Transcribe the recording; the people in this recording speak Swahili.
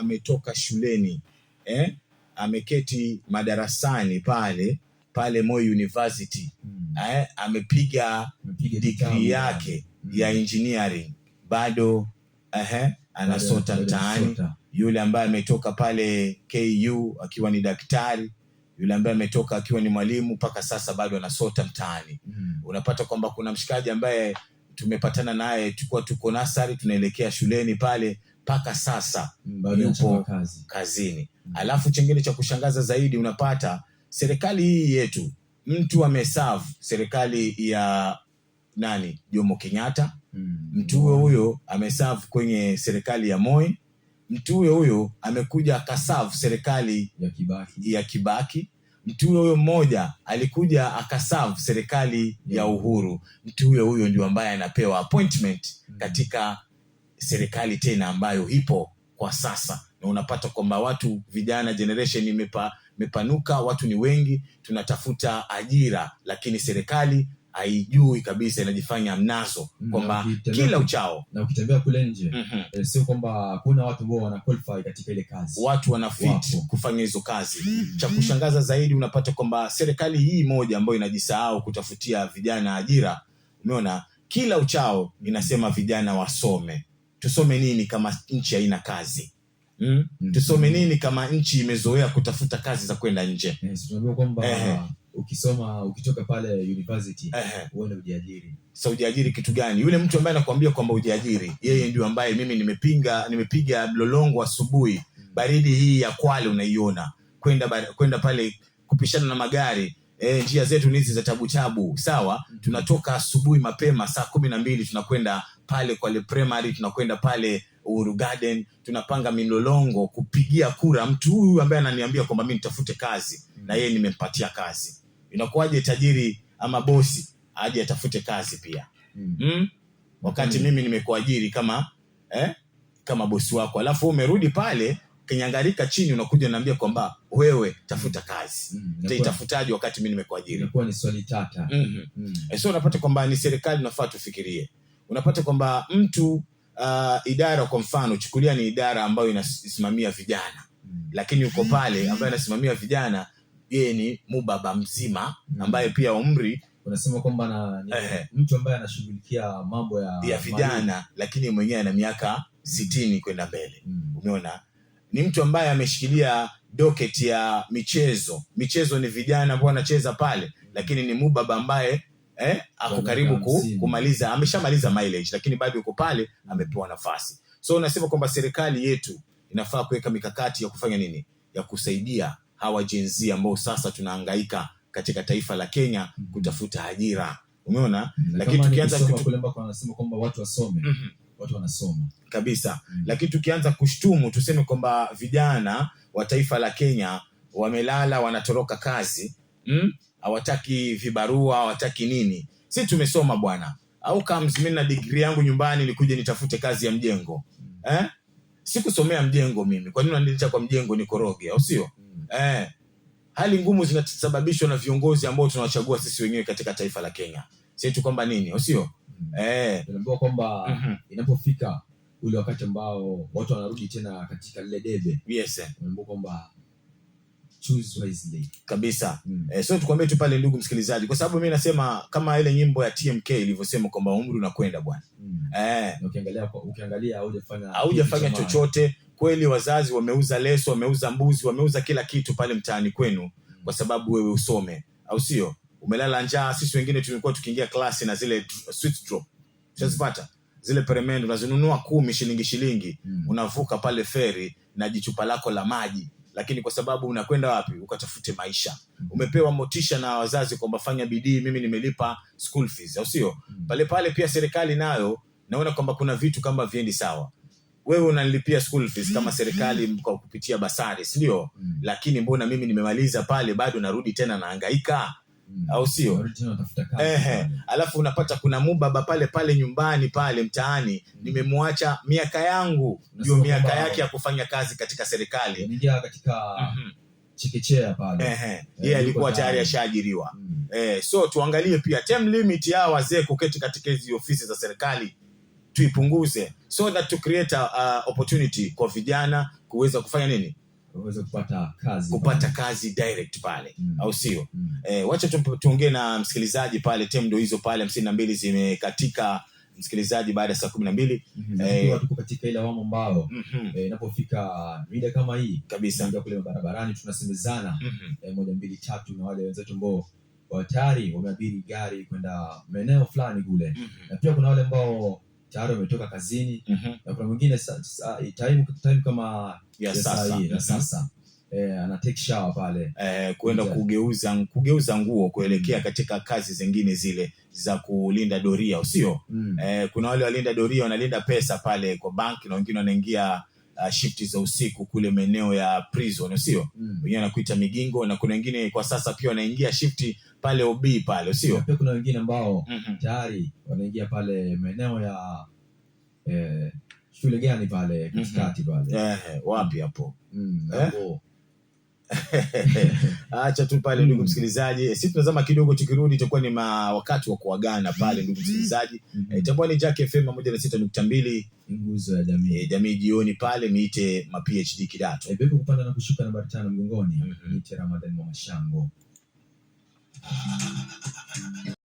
ametoka shuleni eh? ameketi madarasani pale pale Moi University mm. eh? amepiga digrii yake mm. ya engineering bado eh? anasota mtaani. Yule ambaye ametoka pale KU akiwa ni daktari, yule ambaye ametoka akiwa ni mwalimu, mpaka sasa bado anasota mtaani mm. unapata kwamba kuna mshikaji ambaye tumepatana naye, tukuwa tuko nasari tunaelekea shuleni pale mpaka sasa yupo kazi. kazini mm. Alafu chengine cha kushangaza zaidi unapata serikali hii yetu, mtu amesavu serikali ya nani, Jomo Kenyatta mm. Mtu huyo huyo amesavu kwenye serikali ya Moi, mtu huyo huyo amekuja akasavu serikali ya Kibaki, ya Kibaki. Mtu huyo huyo mmoja alikuja akasavu serikali yeah. ya mm. Uhuru. Mtu huyo huyo ndio ambaye anapewa appointment mm. katika serikali tena ambayo ipo kwa sasa, na unapata kwamba watu vijana generation imepanuka imepanuka, watu ni wengi, tunatafuta ajira, lakini serikali haijui kabisa, inajifanya mnazo kwamba kila uchao. Na ukitembea kule nje mm -hmm. sio kwamba kuna watu ambao wana qualify katika ile kazi, watu wanafit kufanya hizo kazi mm -hmm. cha kushangaza zaidi unapata kwamba serikali hii moja ambayo inajisahau kutafutia vijana ajira, umeona kila uchao inasema vijana wasome tusome nini kama nchi haina kazi mm? Mm -hmm. Mhm. Tusome nini kama nchi imezoea kutafuta kazi za kwenda nje? Yes, ukisoma ukitoka pale university uende ujiajiri. Sasa ujiajiri kitu gani? Yule mtu ambaye anakuambia kwamba ujiajiri, yeye ndio ambaye mimi nimepinga, nimepiga mlolongo asubuhi, mm. baridi hii ya Kwale unaiona, kwenda kwenda pale kupishana na magari eh, njia zetu ni hizi za tabu tabu, sawa. Tunatoka asubuhi mapema saa kumi na mbili tunakwenda pale Kwale Primary, tunakwenda pale Uhuru Garden, tunapanga milolongo kupigia kura mtu huyu ambaye ananiambia kwamba mi nitafute kazi na yeye nimempatia kazi. Inakuwaje tajiri ama bosi aje atafute kazi pia mm. Mm? wakati mm. mimi nimekuajiri kama eh, kama bosi wako alafu umerudi pale ukinyangarika chini unakuja naambia kwamba wewe tafuta mm. kazi utaitafutaje? mm. wakati mi nimekuajiri mhm. mm -hmm. mm. So unapata kwamba ni serikali unafaa tufikirie, unapata kwamba mtu uh, idara kwa mfano chukulia ni idara ambayo inasimamia vijana mm. lakini yuko pale ambayo anasimamia vijana yeye ni mubaba mzima mm. ambaye pia umri unasema kwamba na mtu ambaye anashughulikia mambo ya, ya vijana lakini mwenyewe ana miaka sitini kwenda mbele mm. umeona ni mtu ambaye ameshikilia doket ya michezo. Michezo ni vijana ambao wanacheza pale, lakini ni Mubaba ambaye eh, ako karibu ku, kumaliza, ameshamaliza mileage, lakini bado yuko pale, amepewa nafasi. So nasema kwamba serikali yetu inafaa kuweka mikakati ya kufanya nini, ya kusaidia hawa jenzi ambao sasa tunaangaika katika taifa la Kenya mm-hmm. kutafuta ajira, umeona. Lakini tukianza kutu... kwa kwamba watu wasome mm -hmm watu wanasoma kabisa mm. Lakini tukianza kushtumu tuseme kwamba vijana wa taifa la Kenya wamelala, wanatoroka kazi, mm? hawataki mm? vibarua, hawataki nini. Si tumesoma bwana, au kama mimi na degree yangu nyumbani nilikuja nitafute kazi ya mjengo mm. eh? Sikusomea mjengo mimi, kwa nini kwa mjengo? Nikoroge au sio? mm. eh. Hali ngumu zinasababishwa na viongozi ambao tunawachagua sisi wenyewe katika taifa la Kenya, sietu kwamba nini, au sio? Mm-hmm. eh, kwamba mm -hmm. inapofika ule wakati ambao watu wanarudi tena katika lile debe, yes, kwamba kabisa. mm. Eh, so tukwambie tu pale, ndugu msikilizaji, kwa sababu mi nasema kama ile nyimbo ya TMK ilivyosema kwamba umri unakwenda bwana. mm. Eh, chochote kweli. Wazazi wameuza leso, wameuza mbuzi, wameuza kila kitu pale mtaani kwenu, mm. kwa sababu wewe usome, au sio? umelala njaa. Sisi wengine tumekuwa tukiingia klasi na zile sweet drop, ushazipata zile peremende, unazinunua kumi shilingi shilingi, mm. unavuka pale feri na jichupa lako la maji, lakini kwa sababu unakwenda wapi? Ukatafute maisha. Hmm. Umepewa motisha na wazazi kwamba fanya bidii, mimi nimelipa school fees, au sio? mm. pale pale pia serikali nayo naona kwamba kuna vitu kama viendi sawa wewe unanlipia school fees kama serikali hmm. kwa kupitia basari, sindio mm. Lakini mbona mimi nimemaliza pale bado narudi tena naangaika au mm, sio? Ehe, alafu unapata kuna mubaba pale pale nyumbani pale mtaani mm. Nimemwacha miaka yangu ndio miaka yake ya kufanya kazi katika serikali. katika mhm. chekechea pale. Eh, yeye alikuwa tayari ashaajiriwa mm. eh, so tuangalie pia term limit ya wazee kuketi katika hizi ofisi za serikali tuipunguze, so that to create a, uh, opportunity kwa vijana kuweza kufanya nini kupata kazi kupata kazi direct pale mm. au sio mm. E, wacha tuongee na msikilizaji pale tem ndo hizo pale hamsini na mbili zimekatika msikilizaji baada ya saa kumi na mbili mhm, eh, tuko katika ile awamu ambao mhm. eh, inapofika mm -hmm. mida kama hii kabisa kule barabarani tunasemezana mm -hmm. e, moja mbili tatu na wale wenzetu ambao tayari wameabiri gari kwenda maeneo fulani kule mm -hmm. na pia kuna wale ambao tayari wametoka kazini mm -hmm. na kuna mwingine time, time kama ya sasa mhm. sasa eh, ana take shower pale eh, kuenda kugeuza kugeuza nguo kuelekea mm katika kazi zingine zile za kulinda doria, sio mm eh, kuna wale walinda doria wanalinda pesa pale kwa banki na wengine wanaingia uh, shifti za usiku kule maeneo ya prison, sio mm. wengine anakuita Migingo, na kuna wengine kwa sasa pia wanaingia shifti pale OB pale, sio pia kuna wengine ambao mm -hmm. tayari wanaingia pale maeneo ya eh, shule gani pale mhm. katikati pale eh, wapi hapo mm, eh? acha tu pale, ndugu msikilizaji, eh, sisi tunazama kidogo, tukirudi itakuwa ni wakati wa kuagana pale, ndugu msikilizaji. Mhm. Eh, itakuwa ni Jack FM moja na sita nukta mbili nguzo ya jamii e, jamii jioni pale miite ma PhD kidato e, bebe kupanda na kushuka nambari tano mgongoni mhm. niite Ramadhani mashango